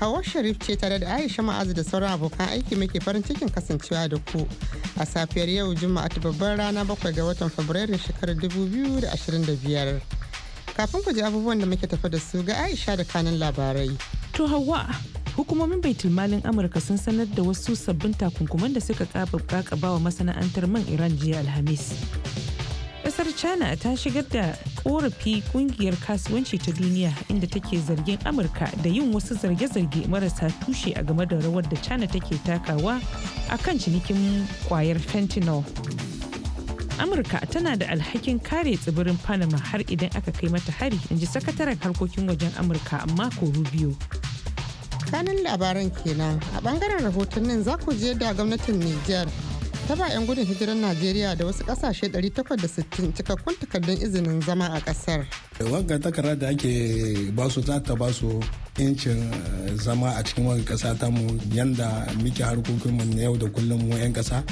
Hawa Sharif ce tare da Aisha Ma'azu da sauran abokan aiki muke farin cikin kasancewa da ku a safiyar yau Juma'a ta babbar rana bakwai ga watan Fabrairu shekarar 2025. Kafin ku ji abubuwan da muke tafa da su ga Aisha da kanin labarai. To Hawa, hukumomin baitul malin Amurka sun sanar da wasu sabbin takunkuman da suka ba wa masana'antar man Iran jiya Alhamis. Ƙasar China ta shigar da korafi kungiyar kasuwanci ta duniya inda take zargin amurka da yin wasu zarge-zarge marasa tushe a game da rawar da china take takawa a kan cinikin kwayar fentanyl amurka tana da alhakin kare tsibirin panama har idan aka kai mata hari in ji sakataren harkokin wajen amurka mako rubio kanin labaran kenan a bangaren rahoton nan za ku je da gwamnatin niger ta ba 'yan gudun hijirar najeriya da wasu kasashe 860 cikakkun takardun izinin zama a kasar wanga takara da ake basu za ta basu yancin eh, zama a cikin wani kasa ta mu yanda muke harkokinmu na yau da kullum mu 'yan kasa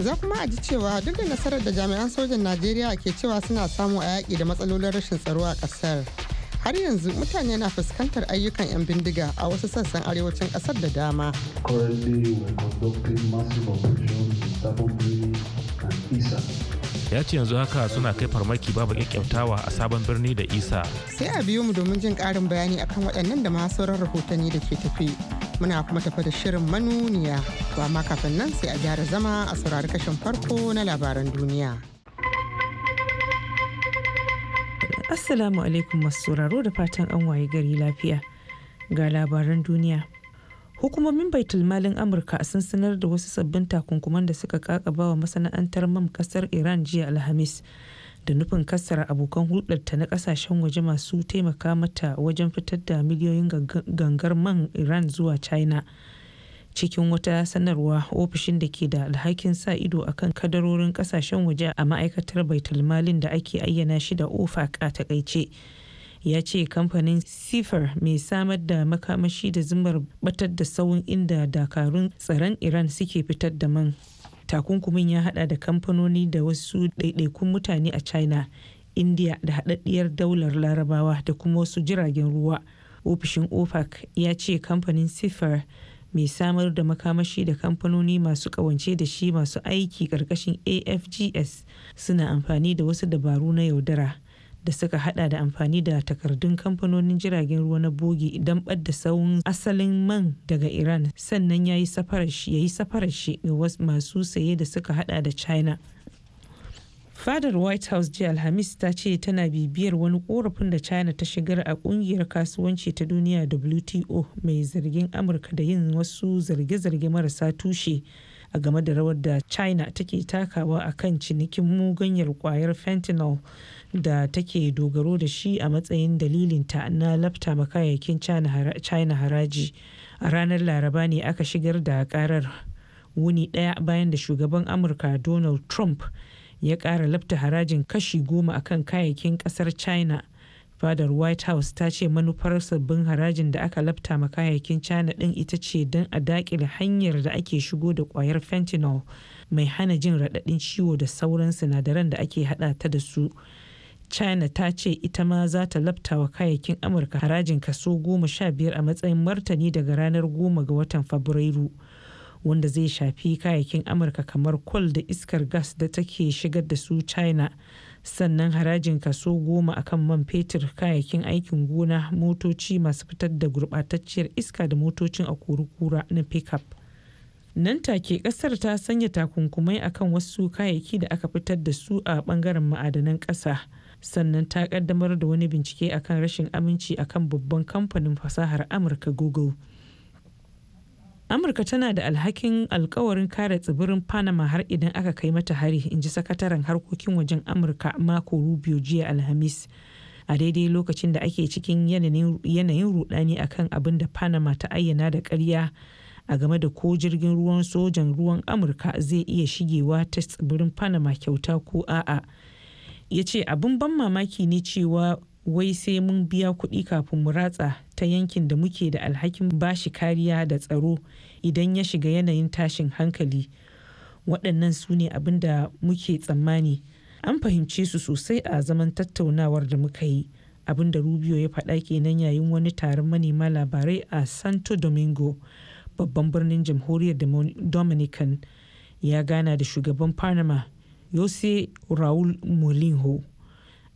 za kuma a ji cewa duk da nasarar da jami'an sojan najeriya ke cewa suna samu a yaƙi da matsalolin rashin tsaro a ƙasar har yanzu mutane na fuskantar ayyukan 'yan bindiga a wasu sassan arewacin kasar da dama. ya ce yanzu haka suna kai farmaki babu kyakkyautawa a sabon birni da isa sai a biyo mu domin jin ƙarin bayani akan waɗannan da masu sauran rahotanni da ke tafi muna kuma tafa da shirin manuniya ba ma kafin nan sai a gyara zama a saurari kashin farko na labaran duniya Assalamu alaikum masu sauraro da fatan an waye gari lafiya. Ga labaran duniya. Hukumomin baitul malin Amurka sun sanar da wasu sabbin takunkuman da suka kakaba wa masana'antar man kasar Iran jiya Alhamis. Da nufin kassara abokan hulɗarta na kasashen waje masu taimaka mata wajen fitar da miliyoyin gangar man Iran zuwa China. cikin wata sanarwa ofishin da ke da alhakin sa ido akan kadarorin kasashen waje a ma'aikatar baitalmalin da ake ayyana shi da ofak a takaice ya ce kamfanin sifar mai samar da makamashi da zumar batar da sauyin inda dakarun tsaron iran suke fitar da man takunkumin ya hada da kamfanoni da wasu ɗaiɗaikun mutane a china india da haɗaɗɗiyar daular larabawa da kuma wasu jiragen ruwa ofishin ofak ya ce kamfanin sifar mai samar da makamashi da kamfanoni masu kawance da shi masu aiki ƙarƙashin afgs suna amfani da wasu dabaru na yaudara da suka hada da amfani da takardun kamfanonin jiragen ruwa na bogi don ɓadda sauran asalin man daga iran sannan ya yi safarar shi ga masu saye da suka hada da china fadar white house jiya alhamis ta ce tana bibiyar wani korafin da china ta shigar a kungiyar kasuwanci ta duniya wto mai zargin amurka da yin wasu zarge-zarge marasa tushe a game da rawar da china take takawa a kan cinikin muganyar kwayar fentanyl da take dogaro da shi a matsayin dalilinta na lafta kayayyakin china haraji a ranar laraba ne aka shigar da karar wuni daya bayan da shugaban amurka donald trump ya kara lafta harajin kashi goma a kan kayayyakin ƙasar china fadar white house ta ce manufar sabbin harajin da aka lafta ma kayayyakin china din ita ce don a dakile hanyar da ake shigo da kwayar fentanyl mai hana jin raɗaɗin ciwo da sauran sinadaran da ake haɗa ta da su china ta ce ita ma za ta lafta wa kayayyakin amurka harajin kaso goma sha biyar a matsayin martani daga ranar goma ga watan fabrairu wanda zai shafi kayayyakin amurka kamar kwal da iskar gas da take shigar da su china sannan harajin kaso goma akan man fetur kayayyakin aikin gona motoci masu fitar da gurbatacciyar iska da motocin a kura na pickup nan take kasar ta sanya takunkumai akan wasu kayayyaki da aka fitar da su a bangaren ma'adanan ƙasa sannan ta kaddamar da wani bincike akan rashin aminci akan babban kamfanin fasahar amurka google amurka tana da alhakin alkawarin kare tsibirin panama har idan aka kai mata hari in ji sakataren harkokin wajen amurka mako rubio jiya alhamis a daidai lokacin da ake cikin yanayin rudani akan abin da panama ta ayyana da karya a game da ko jirgin ruwan sojan ruwan amurka zai iya shigewa ta tsibirin panama kyauta ko a'a ya ce abin ban mamaki ne cewa wai sai mun biya kuɗi kafin mu ratsa ta yankin da muke da alhakin bashi kariya da tsaro idan ya shiga yanayin tashin hankali waɗannan su ne abin da muke tsammani an fahimce su sosai a zaman tattaunawar da muka yi abin da rubio ya faɗa kenan yayin wani taron manema labarai a santo domingo babban birnin jamhuriyar dominican ya gana da shugaban panama yose raul molinho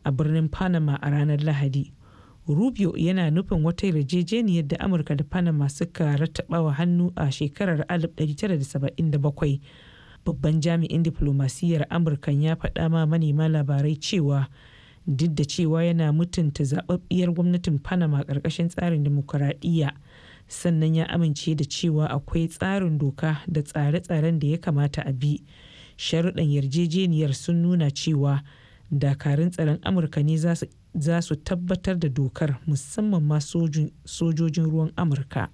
a birnin panama a ranar lahadi rubio yana nufin wata yarjejeniyar da amurka da panama suka rattabawa hannu a shekarar 1977 babban jami'in diflomasiyyar amurka ya faɗa ma manema labarai cewa duk da cewa yana mutunta zaɓaɓɓiyar gwamnatin panama ƙarƙashin tsarin dimokuraɗiyya sannan ya amince da cewa akwai tsarin doka da tsare-tsaren da ya kamata a bi sharuɗan yarjejeniyar sun nuna cewa dakarun tsaron amurka ne za su za su tabbatar da dokar musamman ma sojojin ruwan amurka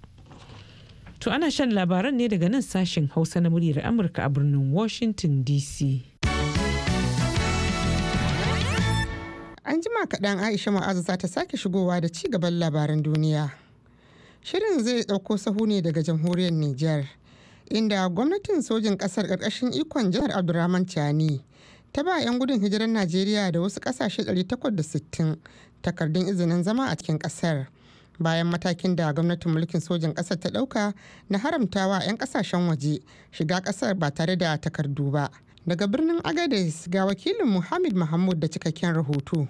to ana shan labaran ne daga nan sashen hausa na muryar amurka a birnin washington dc an jima kaɗan aisha ma'azu za ta sake shigowa da ci gaban labaran duniya shirin zai ɗauko sahu ne daga jamhuriyar niger inda gwamnatin sojin ƙasar ƙarƙashin ikon jihar abdurrahman chani ta ba 'yan gudun hijirar najeriya da wasu kasashe 860 takardun izinin zama a cikin kasar bayan matakin da gwamnatin mulkin sojin kasar ta dauka na haramtawa 'yan kasashen waje shiga kasar ba tare da takardu ba daga birnin agadez ga wakilin muhammad mahmud da cikakken rahoto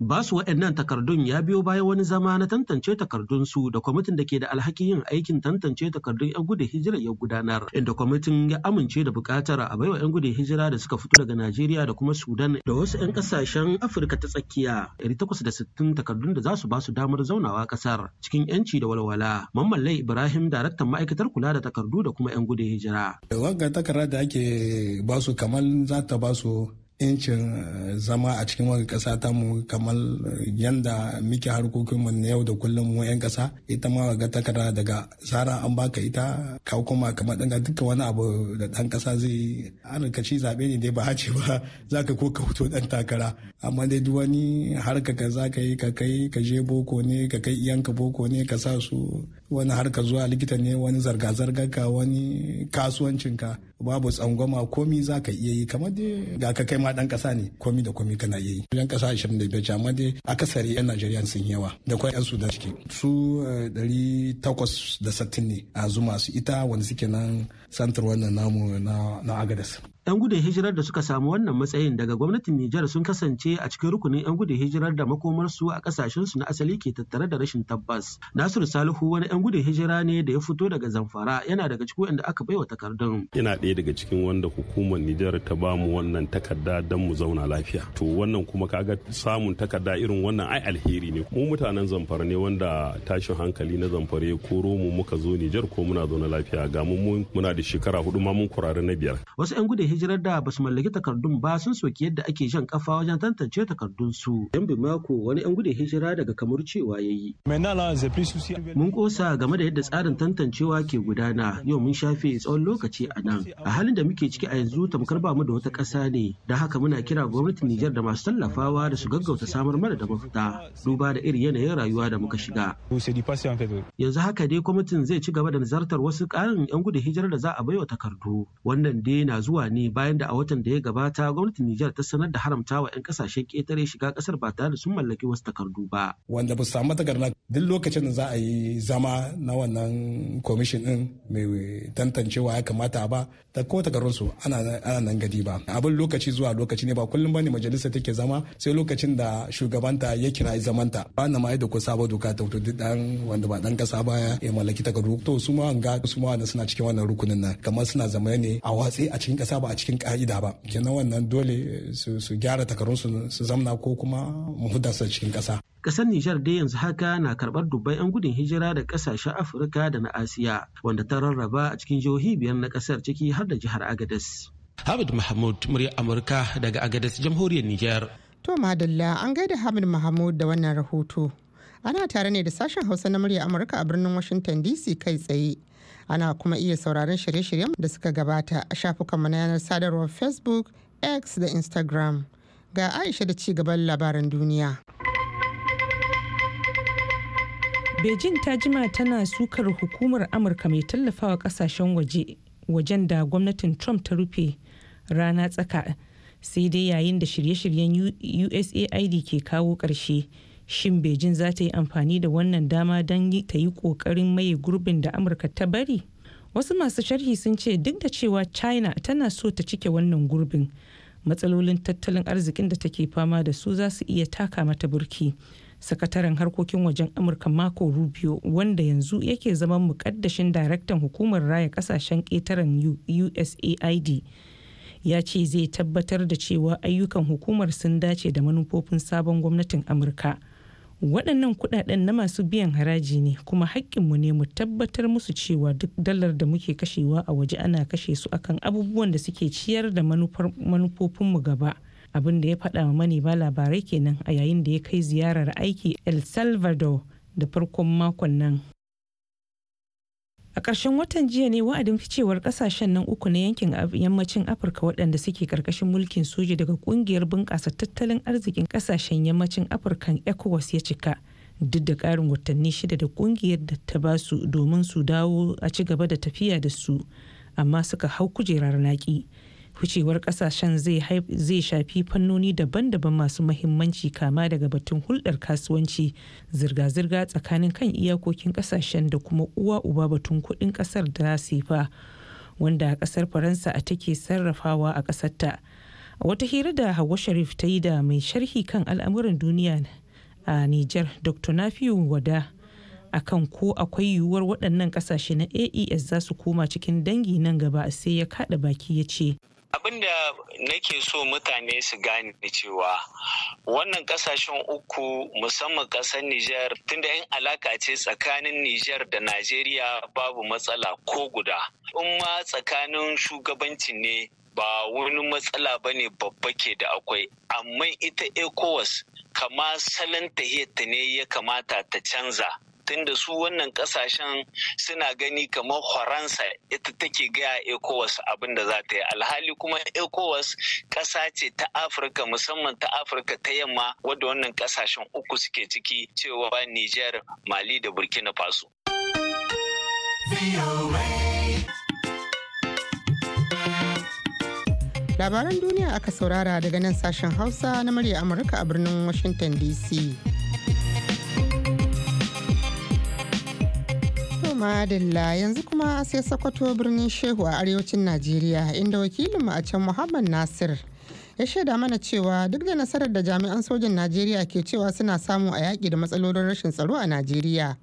Basu waɗannan takardun ya biyo bayan wani zama na tantance takardunsu da kwamitin da ke da alhakin yin aikin tantance takardun 'yan gudun hijira ya gudanar, inda kwamitin ya amince da buƙatar a baiwa 'yan gudun hijira da suka fito daga Najeriya da kuma Sudan da wasu 'yan ƙasashen Afirka ta tsakiya sittin, takardun da za su ba su damar zaunawa ƙasar cikin 'yanci da walwala. Mamman Ibrahim daraktan ma'aikatar kula da takardu da kuma 'yan gudun hijira. wanga takarda da ake basu kamar za ta basu incin eh, zama a cikin wani ƙasa ta mu kamar yadda muke harkokinmu mu na yau da kullum mu 'yan ƙasa ita ma ga takarda daga zara an baka ita ka kuma kamar ɗan dukkan wani abu da ɗan ƙasa zai alkaci zaɓe ne dai ba hace ba za ka ko ka fito ɗan takara amma dai duk wani harka ka za ka yi ka kai ka je boko ne ka kai iyanka boko ne ka sa su wani harka zuwa likita ne wani zarga-zargar ka wani kasuwancinka babu tsangwama komi za ka iya yi kamar da ga ka kai ma dan kasa ne komi da komi kana iya yi yan kasa 25 amma dai akasari yan Najeriya sun yawa da kuma yan Sudan ciki su 860 eh, ne a zuma su ita wanda suke nan santar wannan namu na Agadas 'Yan gudun hijirar da suka samu wannan matsayin daga gwamnatin Nijar sun kasance a cikin rukunin 'yan gudun hijirar da makomarsu a kasashen su na asali ke tattare da rashin tabbas. Nasiru Salihu wani 'yan gudun hijira ne da ya fito daga Zamfara yana daga cikin wanda aka baiwa takardun. Ina ɗaya daga cikin wanda hukumar Nijar ta ba mu wannan takarda don mu zauna lafiya. To wannan kuma kaga samun takarda irin wannan ai alheri ne. Mu mutanen Zamfara ne wanda tashin hankali na Zamfara ya koro mu muka zo Nijar ko muna zauna lafiya ga mu muna da shekara hudu ma mun kurare na biyar. Wasu 'yan gudun hijirar da basu mallaki takardun ba sun soki yadda ake jan kafa wajen tantance takardun su. Yan mako wani yan gudun hijira daga kamar cewa ya yi. Mun kosa game da yadda tsarin tantancewa ke gudana yau mun shafe tsawon lokaci a nan. A halin da muke ciki a yanzu tamkar ba mu da wata ƙasa ne. Da haka muna kira gwamnatin Nijar da masu tallafawa da su gaggauta samar mana da mafita duba da irin yanayin rayuwa da muka shiga. Yanzu haka dai kwamitin zai ci gaba da nazartar wasu ƙarin yan gudun hijirar da za a baiwa takardu. Wannan dai na zuwa ne bayan da a watan da ya gabata gwamnatin Nijar ta sanar da haramta wa 'yan kasashen ƙetare shiga kasar ba tare da sun mallaki wasu takardu ba. Wanda ba su samu takarda duk lokacin da za a yi zama na wannan komishin ɗin mai tantancewa ya kamata ba ta ko takardunsu ana nan gadi ba. Abin lokaci zuwa lokaci ne ba kullum ba ne majalisa take zama sai lokacin da shugabanta ya kira zamanta. Ba na ma'ai da ko sabon doka ta wuto duk ɗan wanda ba ɗan ƙasa ba ya mallaki takardu. To su ma an su ma suna cikin wannan rukunin na. kamar suna zama ne a watsi a cikin ƙasa ba a cikin ka'ida ba kenan wannan dole su gyara takarun su zamna ko kuma mu su cikin ƙasa. Ƙasar Nijar dai yanzu haka na karɓar dubbai 'yan gudun hijira da ƙasashen Afirka da na Asiya wanda ta rarraba a cikin jihohi biyar na ƙasar ciki har da jihar Agadez. Hamid Mahmud murya Amurka daga Agadez jamhuriyar Nijar. To madalla an gaida Hamid Mahmud da wannan rahoto. Ana tare ne da sashen Hausa na murya Amurka a birnin Washington DC kai tsaye. ana kuma iya sauraron shirye-shiryen da suka gabata a shafukanmu na yanar sadarwar facebook x da instagram ga aisha da ci gaban labaran duniya beijing ta jima tana sukar hukumar amurka mai tallafawa kasashen waje wajen da gwamnatin trump ta rufe rana tsaka sai dai yayin da shirye-shiryen usaid ke kawo ƙarshe. shin beijing za ta yi amfani da wannan dama don ta yi kokarin maye gurbin da amurka ta bari wasu masu sharhi sun ce duk da cewa china tana so ta cike wannan gurbin matsalolin tattalin arzikin da take fama da su za su iya taka mata burki sakataren harkokin wajen amurka mako rubio wanda yanzu yake zaman mukaddashin daraktan hukumar raya kasashen ƙetaren usaid ya ce zai tabbatar da cewa ayyukan hukumar sun dace da manufofin sabon gwamnatin amurka. waɗannan kuɗaɗen na masu biyan haraji ne kuma haƙƙinmu ne mu tabbatar musu cewa duk dalar da muke kashewa a waje ana kashe su akan abubuwan da suke ciyar da manufofinmu gaba abin da ya faɗa wa ba labarai kenan a yayin da ya kai ziyarar aiki el salvador da farkon makon nan a ƙarshen watan jiya ne wa'adin ficewar ƙasashen nan uku na yankin yammacin afirka waɗanda suke ƙarƙashin mulkin soji daga ƙungiyar bunƙasa tattalin arzikin ƙasashen yammacin afirka ecowas ya cika duk da ƙarin watanni shida da ƙungiyar da ta ba su domin su dawo a ci gaba da tafiya da su amma suka hau kujerar naƙi. Ficewar kasashen zai shafi fannoni daban-daban masu mahimmanci kama daga batun hulɗar kasuwanci, zirga-zirga tsakanin kan iyakokin kasashen da kuma uwa uba batun kuɗin ƙasar da sefa, wanda ƙasar Faransa a take sarrafawa a ƙasarta. wata hira da hawa Sharif ta yi da mai sharhi kan al'amuran duniya a niger Dr. nafiyu Wada. akan ko akwai yiwuwar waɗannan ƙasashe na AES za su koma cikin dangi nan gaba sai ya kaɗa baki ya ce. Abin da nake so mutane su gane cewa wannan kasashen uku musamman kasar Nijar tunda yin alaka ce tsakanin Nijar da Najeriya babu matsala ko guda. In ma tsakanin shugabanci ne ba wani matsala ba ne babba ke da akwai amma ita Ekowas kama salon ta ne ya kamata ta canza. tunda su wannan kasashen suna gani kamar faransa ita take gaya ecowas abin da za ta yi alhali kuma ecowas kasa ce ta afirka musamman ta afirka ta yamma wadda wannan kasashen uku suke ciki cewa niger mali da burkina faso labaran duniya aka saurara daga nan sashen hausa na murya amurka a birnin washington dc madalla yanzu kuma sai Sokoto birnin Shehu a arewacin Najeriya inda wakilinmu a can Muhammad Nasir ya shaida mana cewa duk da nasarar da jami'an sojin Najeriya ke cewa suna samu a yaƙi da matsalolin rashin tsaro a Najeriya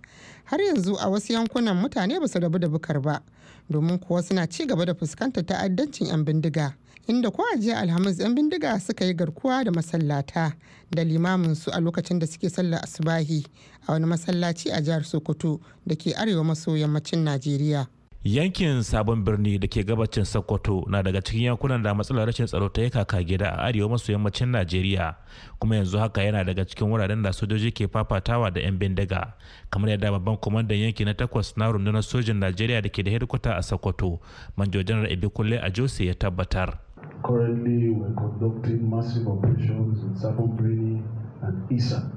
har yanzu a wasu yankunan mutane ba su rabu da bukar ba domin kuwa suna ci gaba da fuskantar ta'addancin 'yan bindiga. inda ko a jiya alhamis 'yan bindiga suka yi garkuwa da masallata da limamin su a lokacin da suke sallar asubahi a wani masallaci a jihar sokoto da ke arewa maso yammacin najeriya yankin sabon birni da ke gabacin sokoto na daga cikin yankunan da matsalar rashin tsaro ta yi kaka gida a arewa maso yammacin najeriya kuma yanzu haka yana daga cikin wuraren da sojoji ke fafatawa da 'yan bindiga kamar yadda babban kwamandan yanki na takwas na rundunar sojin najeriya da ke da hedikwata a sokoto manjo janar ibi kulle a jose ya tabbatar Currently, we're conducting massive operations in Sabo Birni and Isa.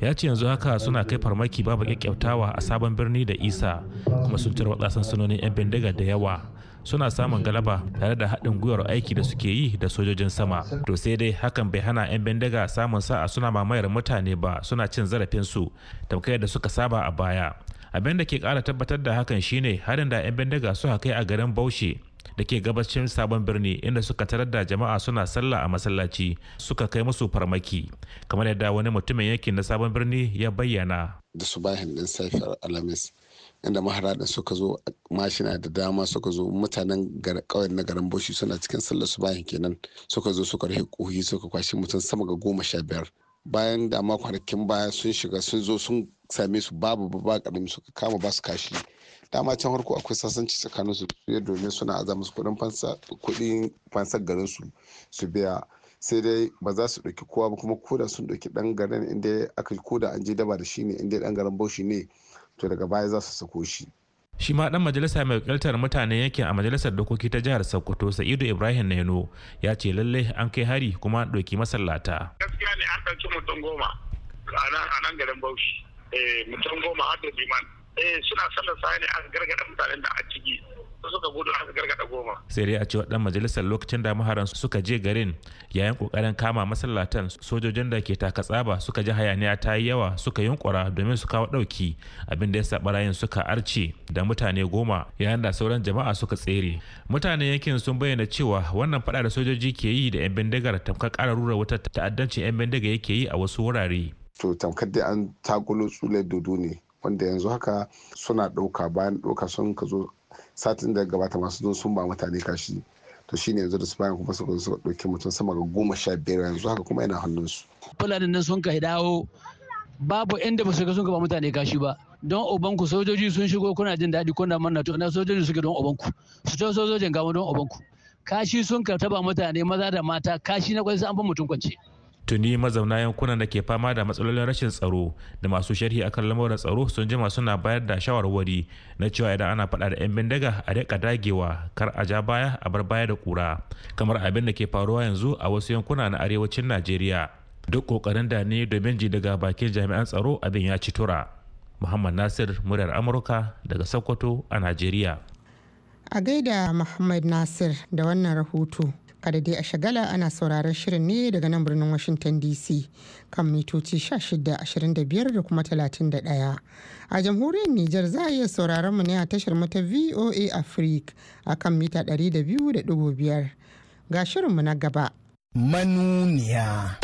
ya ce yanzu haka suna kai farmaki babu kyakkyautawa a sabon birni da isa kuma sun tarwatsa sansanonin 'yan bindiga da yawa suna samun galaba tare da haɗin gwiwar aiki da suke yi da sojojin sama to sai dai hakan bai hana 'yan bindiga samun sa'a suna mamayar mutane ba suna cin zarafinsu tamkai da suka saba a baya abin da ke ƙara tabbatar da hakan shine harin da 'yan bindiga suka kai a garin baushe da ke gabacin sabon birni inda suka tarar da jama'a suna sallah a masallaci suka kai musu farmaki kamar yadda wani mutumin yankin na sabon birni ya bayyana da su bayan din safiyar alhamis inda maharadin suka zo mashina da dama suka zo mutanen kawai na garin boshi suna cikin sallar su bayan kenan suka zo suka rahe kuhi suka kwashi mutum sama ga goma sha biyar bayan da ma kwanakin baya sun shiga sun zo sun same su babu ba karami suka kama ba su kashi dama can farko akwai sasanci tsakanin su domin suna a musu kudin fansar garin su su biya sai dai ba za su ɗauki kowa ba kuma koda sun ɗauki ɗan garin inda aka koda an je daba da shi ne inda ɗan garin baushi ne to daga baya za su sako shi shi ma dan majalisa mai wakiltar mutane yake a majalisar dokoki ta jihar sokoto sa'idu ibrahim naino ya ce lalle an kai hari kuma ɗauki masallata gaskiya ne an ɗauki mutum goma a nan garin bauchi eh, mutum goma har da liman Eh, suna sallar sa ne aka gargada mutanen da a ciki suka gudu aka gargada goma. sai dai a cewa dan majalisar lokacin da muharan suka je garin yayin kokarin kama masallatan sojojin da ke taka tsaba suka ji hayaniya ta yi yawa suka yunkura domin su kawo ɗauki abin da ya sa barayin suka arce da mutane goma yayin da sauran jama'a suka tsere mutanen yankin sun bayyana cewa wannan fada da sojoji ke yi da yan bindigar tamkar ƙara rura wata ta'addancin yan bindiga yake yi a wasu wurare. to tamkar da an takulo tsule dodo ne wanda yanzu haka suna ɗauka bayan ɗauka sun ka zo satin da gabata masu zo sun ba mutane kashi to shi ne yanzu da su bayan kuma suka zo ɗauki mutum sama ga goma sha biyar yanzu haka kuma yana hannunsu. fulani nan sun ka dawo babu inda ba su ka sun ka ba mutane kashi ba don obanku sojoji sun shigo kuna jin daɗi kuna manna to na sojoji suke don obanku su ta sojojin gama don obanku kashi sun ka taba mutane maza da mata kashi na kwanci an fi mutum kwance tuni mazauna yankunan da ke fama da matsalolin rashin tsaro da masu sharhi akan lamarin tsaro sun jima suna bayar da shawarwari na cewa idan ana faɗa da 'yan bindiga a rika dagewa kar a ja baya a bar baya da kura kamar abin da ke faruwa yanzu a wasu yankuna na arewacin najeriya duk kokarin da ne domin ji daga bakin jami'an tsaro abin ya ci tura muhammad nasir muryar amurka daga sokoto a najeriya a gaida muhammad nasir da wannan rahoto kada dai a shagala ana sauraron shirin ne daga nan birnin washington dc kan mitoci 1625 da kuma 31 a jamhuriyar Nijar za a iya sauraron mu ne a tashar mata voa africa a kan mita 200.5 ga shirinmu na gaba manuniya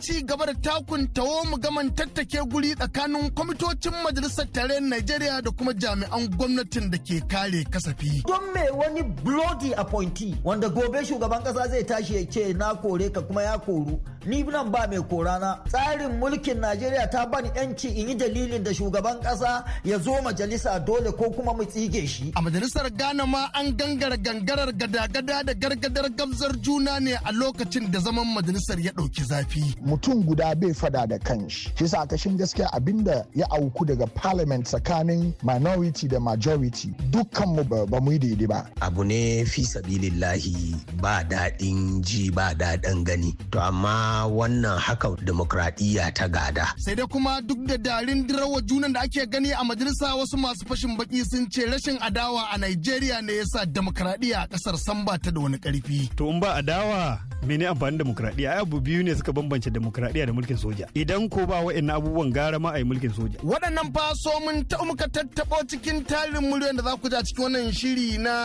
ci gaba da takun tawo mu gaman tattake guri tsakanin kwamitocin majalisar tarayyar Najeriya da kuma jami'an gwamnatin da ke kare kasafi. Don me wani bloody appointee wanda gobe shugaban kasa zai tashi ya ce na kore ka kuma ya koru. Ni nan ba mai korana. Tsarin mulkin Najeriya ta bani yanci in yi dalilin da shugaban kasa ya zo majalisa dole ko kuma mu tsige shi. A majalisar Ghana ma an gangara gangarar gada-gada da gargadar gamzar juna ne a lokacin da zaman majalisar ya ɗauki zafi. mutum guda bai fada da kanshi shi sa kashin gaskiya abinda ya auku daga parliament tsakanin minority da majority dukkan mu ba mu yi daidai ba abu ne fi sabilillahi ba daɗin ji ba daɗin gani to amma wannan haka demokradiyya ta gada sai dai kuma duk da darin dirawa junan da ake gani a majalisa wasu masu fashin baki sun ce rashin adawa a Najeriya ne yasa demokradiyya a kasar san ba ta da wani karfi to in ba adawa mene amfani demokradiyya ai abu biyu ne suka bambance demokradiyya da mulkin soja idan ko ba wa'annan abubuwan gara ma a mulkin soja waɗannan faso mun ta muka tattaɓo cikin tarin muryan da za ku ja cikin wannan shiri na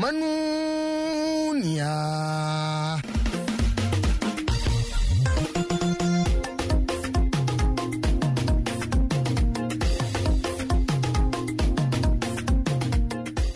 manuniya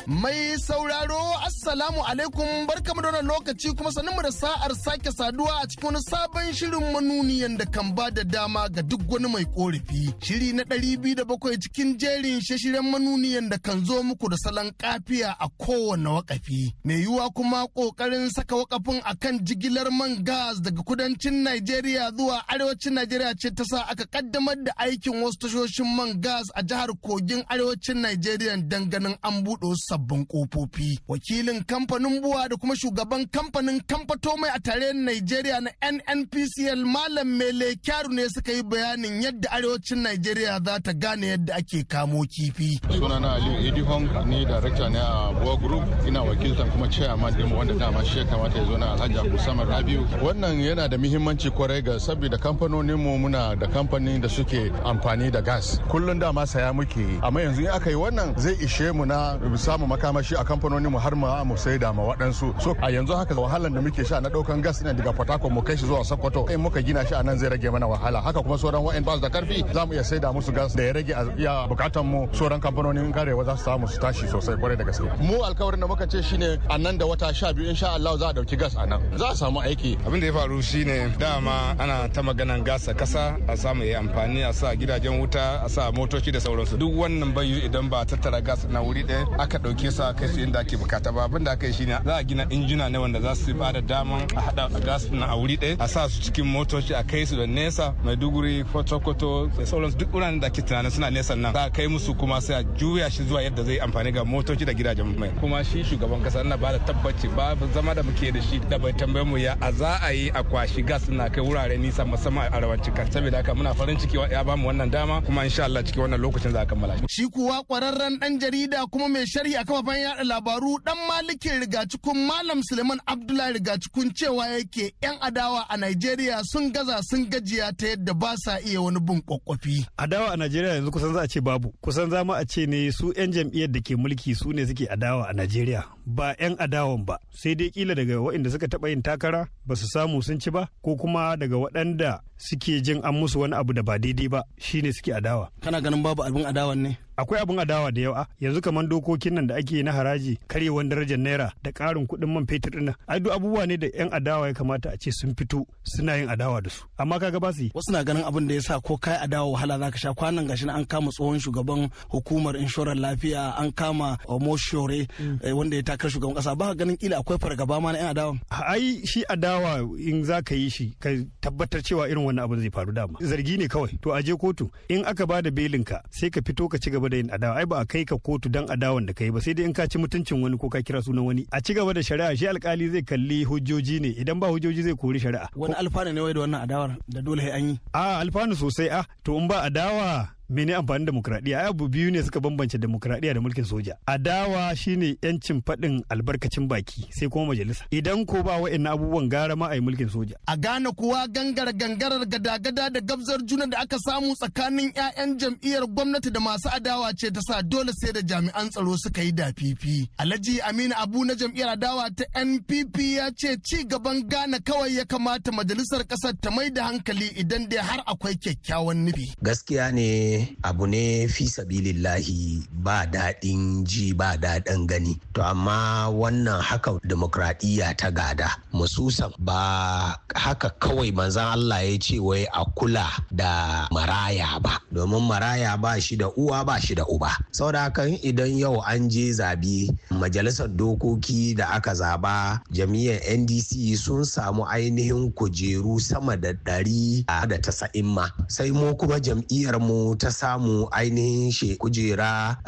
Mai sauraro Assalamu alaikum barka. lokaci kuma sanin mu da sa'ar sake saduwa a cikin wani sabon shirin manuniyan da kan ba da dama ga duk wani mai korafi. Shiri na ɗari biyu da bakwai cikin jerin shashiren manuniyan da kan zo muku da salon kafiya a kowane wakafi. Mai yiwuwa kuma ƙoƙarin saka wakafin akan jigilar man gas daga kudancin Najeriya zuwa arewacin Najeriya ce ta sa aka kaddamar da aikin wasu tashoshin man gas a jihar Kogin arewacin Najeriya ganin an buɗe sabbin kofofi Wakilin kamfanin buwa da kuma shugaban shugaban kamfanin kamfato mai a tare Najeriya na NNPCL Malam Mele Kyaru ne suka yi bayanin yadda arewacin Najeriya za ta gane yadda ake kamo kifi. Sunana Ali hong ni darakta ne a Boa Group ina wakiltan kuma chairman ɗin wanda dama shi kamata ya zo na Alhaji Samar Rabiu. Wannan yana da muhimmanci kwarai ga saboda kamfanonin mu muna da kamfani da suke amfani da gas. Kullun dama saya muke amma yanzu in aka yi wannan zai ishe mu na samu makamashi a kamfanonin mu har ma mu sai da ma waɗansu. So a yanzu haka wahalar da muke sha na daukan gas ne daga Port mu kai shi zuwa Sokoto kai muka gina shi a nan zai rage mana wahala haka kuma sauran wa'in ba su da karfi za mu iya sai da musu gas da ya rage a iya bukatan mu sauran kamfanonin karewa za su samu su tashi sosai kwarai da gaske mu alkawarin da muka ce shine a nan da wata sha biyu insha Allah za a dauki gas a nan za a samu aiki abin da ya faru shine dama ana ta maganan gas a kasa a samu yayi amfani a sa gidajen wuta a sa motoci da sauransu duk wannan bai idan ba tattara gas na wuri ɗaya aka dauke sa kai su inda ake bukata ba abin da aka yi shine za a gina injin injina ne wanda za su ba da dama a haɗa gas na a wuri ɗaya a sa su cikin motoci a kai su da nesa maiduguri duguri da sauransu duk wuraren da ke tunanin suna nesa nan za a kai musu kuma sai a juya shi zuwa yadda zai amfani ga motoci da gidajen mai kuma shi shugaban kasa na ba da tabbaci ba zama da muke da shi da bai tambaye mu ya a za a yi a kwashi gas na kai wurare nisa musamman a arewacin kan saboda haka muna farin ciki ya ba mu wannan dama kuma insha Allah cikin wannan lokacin za a kammala shi shi kuwa kwararren dan jarida kuma mai sharhi a kafafen yada labaru dan malikin rigacikun malam Malam Suleiman Abdullahi Rigacikun cewa yake 'yan adawa a Najeriya sun gaza sun gajiya ta yadda ba sa iya wani bin kwakwafi. Adawa a Najeriya yanzu kusan za a ce babu. Kusan za mu a ce ne su 'yan jam'iyyar da ke mulki su ne suke adawa a Najeriya. ba 'yan adawan ba sai dai kila daga waɗanda suka taɓa yin takara ba su samu sun ci ba ko kuma daga waɗanda suke jin an musu wani abu da ba daidai ba shine suke adawa kana ganin babu abin adawan ne akwai abin adawa da yawa yanzu kamar dokokin nan da ake na haraji karyewan darajar naira da ƙarin kuɗin man fetur ɗin ai duk abubuwa ne da yan adawa ya kamata a ce sun fito suna yin adawa da su amma kaga ba su yi wasu na ganin abin da ya ko kai adawa wahala zaka sha kwanan gashi an kama tsohon shugaban hukumar inshorar lafiya an kama moshore mm. eh, wanda ya Kar shugaban kasa ba ganin kila akwai fargaba ma na yan adawa ai shi adawa in za ka yi shi ka tabbatar cewa irin wannan abin zai faru dama zargi ne kawai to a je kotu in aka ba da belin ka sai ka fito ka ci gaba da yin adawa ai ba a kai ka kotu dan adawan da kai ba sai dai in ka ci mutuncin wani ko ka kira sunan wani a ci gaba da shari'a shi alkali zai kalli hujjoji ne idan ba hujjoji zai kori shari'a wani alfanu ne wai da wannan adawar da dole an yi a alfanu sosai a to in ba adawa mene amfani demokradiya ai biyu ne suka bambance demokradiya da mulkin soja adawa shine yancin faɗin albarkacin baki sai kuma majalisa idan ko ba wa'annan abubuwan gara ma ai mulkin soja a gane kuwa gangar gangarar gada-gada da gabzar juna da aka samu tsakanin 'ya'yan jam'iyyar gwamnati da masu adawa ce ta sa dole sai da jami'an tsaro suka yi da dafifi alhaji aminu abu na jam'iyyar adawa ta npp ya ce ci gaban gane kawai ya kamata majalisar ƙasar ta mai da hankali idan dai har akwai kyakkyawan nufi gaskiya ne abu ne fi sabilillahi ba daɗin ji ba daɗin gani to amma wannan haka demokradiyya ta gada mususan ba haka kawai manzan Allah ya ce wai a kula da maraya ba domin maraya ba shi da uwa ba shi da uba saboda haka idan yau an je zabi majalisar dokoki da aka zaba jami'ar ndc sun samu ainihin kujeru sama da ɗari da tasa'in ma sai mu kuma jam'iyyar mu ta ta samu ainihin shi kujera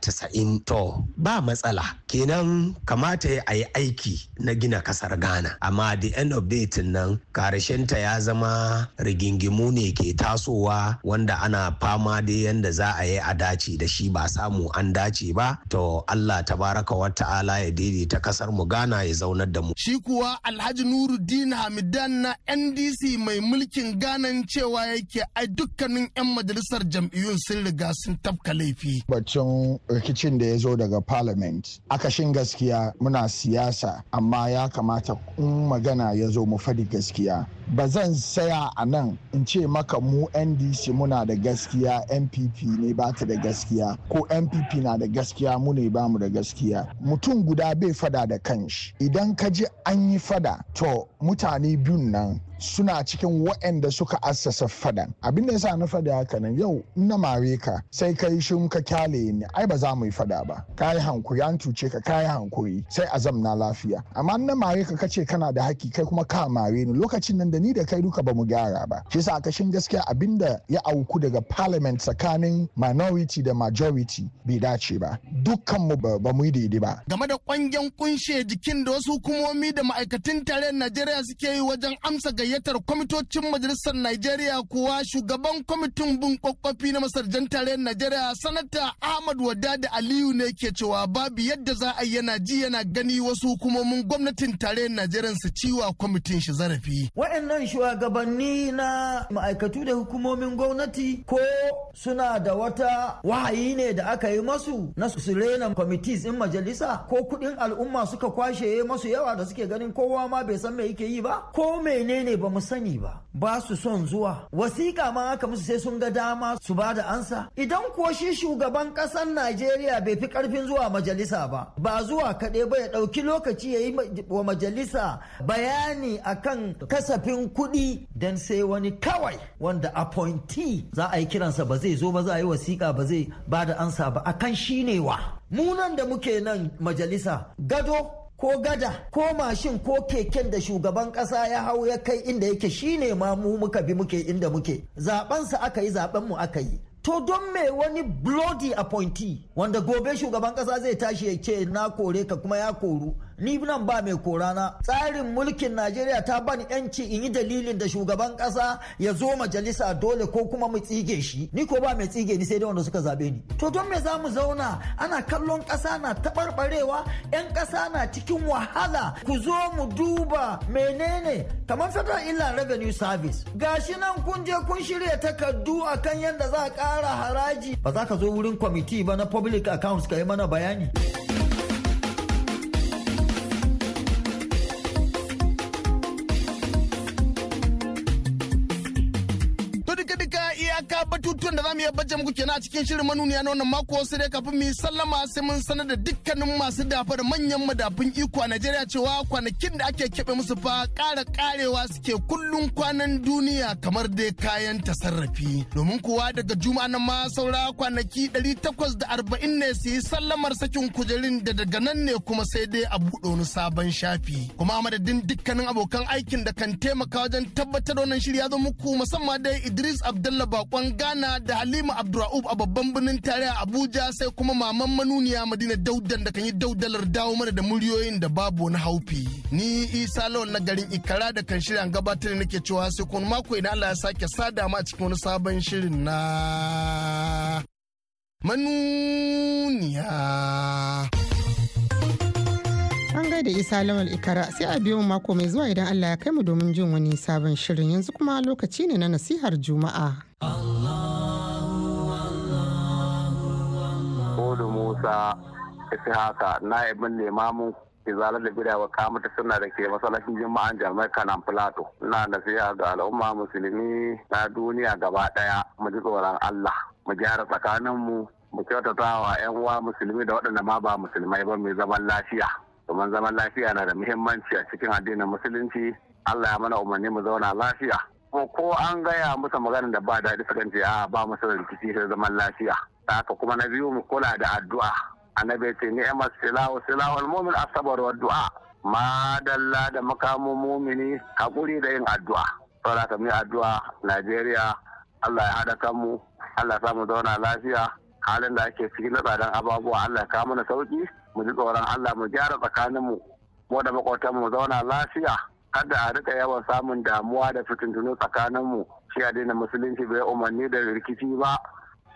tasa'in to ba matsala kenan kamata a yi aiki na gina kasar ghana amma the end of date nan ta ya zama rigingimu ne ke tasowa wanda ana fama da yanda za a yi a dace da shi ba samu an dace ba to allah tabaraka wata ala ya daidaita kasar mu ghana ya zaunar da mu shi kuwa alhaji nuruddin hamidan na ndc mai mulkin ganan cewa yake ai dukkanin 'yan majalisar jam jam'iyyun sun riga sun tafka laifi. Baccin rikicin da ya zo daga parliament. Akashin gaskiya muna siyasa amma ya kamata in magana ya zo mu faɗi gaskiya. ba zan saya a nan in ce maka mu ndc muna da gaskiya npp ne ba ta da gaskiya ko npp na da gaskiya mu ne ba mu da gaskiya mutum guda bai fada da kanshi idan ka ji an yi fada to mutane biyun nan suna cikin waɗanda suka assasa fadan abin da yasa na fada haka nan yau na mare ka sai kai shun ka kyale ni ai ba za mu yi fada ba kai hankuri an tuce ka kai hankuri sai azam na lafiya amma na mare ka kace kana da haki kai kuma ka mare ni lokacin nan da ni da kai duka ba mu gyara ba shi yasa kashin gaskiya abinda ya auku daga parliament tsakanin minority da majority bai dace ba dukkan mu ba mu daidai ba game da kwangen kunshe jikin da wasu hukumomi da ma'aikatan tarayyar Najeriya suke yi wajen amsa gayyatar kwamitocin majalisar Najeriya kuwa shugaban kwamitin bin kwakwafi na masarjan tarayyar Najeriya sanata Ahmad Wadada Aliyu ne ke cewa babu yadda za a yana ji yana gani wasu hukumomin gwamnatin tarayyar Najeriya su ciwa kwamitin shi zarafi. waɗannan shugabanni na ma'aikatu da hukumomin gwamnati ko suna da wata wahayi ne da aka yi masu na su rena committees in majalisa ko kudin al'umma suka kwashe masu yawa da suke ganin kowa ma bai san me yake yi ba ko menene ba mu sani ba ba su son zuwa wasiƙa ma aka musu sai sun ga dama su ba da ansa idan ko shi shugaban ƙasar Najeriya bai fi karfin zuwa majalisa ba ba zuwa kaɗai ba ya ɗauki lokaci ya yi wa majalisa bayani akan kasafin kudin kuɗi dan sai wani kawai wanda appointee za a yi kiransa ba zai zo ba za a yi wasiƙa ba zai ba da ansa ba akan shi ne wa munan da muke nan majalisa gado ko gada ko mashin ko keken da shugaban ƙasa ya hau ya kai inda yake shine ma mu muka bi muke inda muke zaɓensa aka yi zaɓen mu aka yi to don me wani bloody appointee wanda gobe shugaban ƙasa zai tashi ya ce na kore ka kuma ya koru ni nan ba mai korana tsarin mulkin najeriya ta bani yanci in yi dalilin da shugaban kasa ya zo majalisa dole ko kuma mu tsige shi ni ko ba mai tsige ni sai dai wanda suka zabe ni to don me za mu zauna ana kallon kasa na taɓarɓarewa yan kasa na cikin wahala ku zo mu duba menene kamar federal inland revenue service gashi nan kun je kun shirya takardu akan yadda za a ƙara haraji ba za ka zo wurin kwamiti ba na public accounts ka yi mana bayani. ya baje muku kenan a cikin shirin manuniya na wannan mako sai dai kafin mu sallama sai mun sanar da dukkanin masu dafa da manyan madafun iko a Najeriya cewa kwanakin da ake keɓe musu fa ƙara ƙarewa suke kullum kwanan duniya kamar dai kayan tasarrafi. Domin kuwa daga juma'a nan ma saura kwanaki 840 ne su yi sallamar sakin kujerin da daga nan ne kuma sai dai a buɗe wani sabon shafi. Kuma madadin dukkanin abokan aikin da kan taimaka wajen tabbatar wannan shirya zo muku musamman dai Idris Abdallah Bakon Ghana da Halil halima abdurraub a babban birnin tarayya abuja sai kuma maman manuniya madina daudan da kan yi daudalar dawo mana da muryoyin da babu wani haufi ni isa lawan na garin ikara da kan shirya gabatar nake cewa sai kun mako idan allah ya sake sada ma cikin wani sabon shirin na manuniya an gaida isa lawal ikara sai a biyo mako mai zuwa idan allah ya kai mu domin jin wani sabon shirin yanzu kuma lokaci ne na nasihar juma'a Odu Musa Ishaka na'ibin limamin izalar da bidawa kamata suna da ke masalacin jima'an jami'ar kanan plato na nasiha ga al'umma musulmi na duniya gaba daya mu ji tsoron allah mu gyara tsakaninmu mu kyautata wa 'yan uwa musulmi da waɗanda ma ba musulmai ba mai zaman lafiya domin zaman lafiya na da muhimmanci a cikin addinin musulunci allah ya mana umarni mu zauna lafiya ko an gaya musu magana da ba daɗi sukan ce a ba musu rikici sai zaman lafiya haka kuma na biyu mu kula da addu'a annabi ce masu silahu silahu almu'min asabar wa du'a madalla da makamin mumini hakuri da yin addu'a saboda ka mu addu'a Najeriya Allah ya hada kanmu Allah ya samu zauna lafiya halin da ake na tsadan ababuwa Allah ya kawo mana sauki mu ji tsoron Allah mu gyara tsakaninmu mu da makwatan mu zauna lafiya kada a rika yawan samun damuwa da fitintunu tsakaninmu shi a daina musulunci bai umarni da rikici ba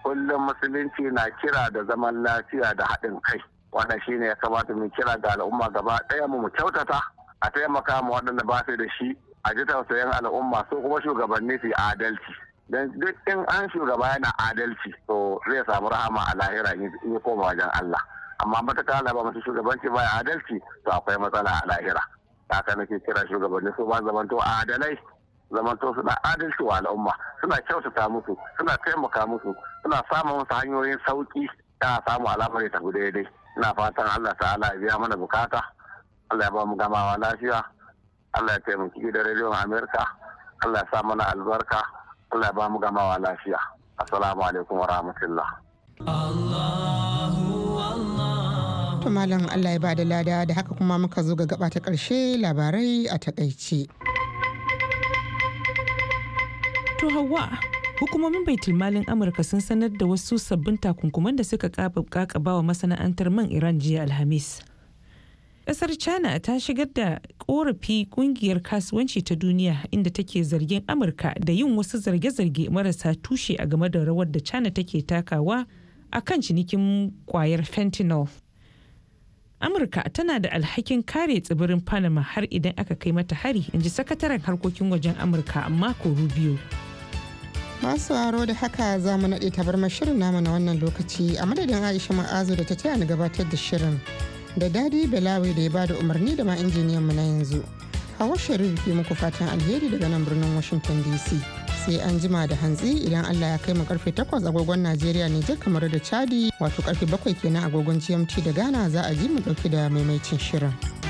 kullum musulunci na kira da zaman lafiya da haɗin kai wannan ne ya kamata mu kira ga al'umma gaba ɗaya mu kyautata a taimaka mu waɗanda ba su da shi a ji tausayin al'umma so kuma shugabanni su adalci dan duk in an shugaba yana adalci to zai samu rahama a lahira in yi koma wajen Allah amma matakala ba masu shugabanci ba adalci to akwai matsala a lahira haka nake kira shugabanni su ba zamanto adalai zamanto suna adalci wa al'umma suna kyautata musu suna taimaka musu suna samun musu hanyoyin sauki ta samu alamar ta guda daidai ina fatan Allah ta'ala ya biya mana bukata Allah ya ba mu gamawa lafiya Allah ya taimaki gidan rediyon Amerika Allah ya sa mana albarka Allah ya ba mu gamawa lafiya assalamu alaikum wa rahmatullah Allah to malam Allah ya bada lada da haka kuma muka zo ga gaba ta karshe labarai a takaice. To Hauwa, hukumomin tilmalin amurka sun sanar da wasu sabbin takunkuman da suka kakaba wa masana'antar man iran jiya alhamis kasar china ta shigar da korafi kungiyar kasuwanci ta duniya inda take zargin amurka da yin wasu zarge-zarge marasa tushe a game da rawar da china take takawa a kan cinikin kwayar fentanyl amurka tana da alhakin kare tsibirin panama har idan aka kai mata hari in ji sakataren harkokin wajen amurka mako rubio masu aro da haka za mu naɗe tabarmar shirin namu na wannan lokaci a madadin aisha ma'azu da ta taya ni gabatar da shirin da dadi belawi da ya bada umarni da ma injiniyan mu na yanzu hawa sharif ke muku fatan alheri daga nan birnin washington dc sai an jima da hantsi idan Allah ya kai mu karfe 8 agogon Najeriya ne Nijar kamar da Chadi wato karfe 7 kenan agogon GMT da Ghana za a ji mu ɗauki da maimaicin shirin.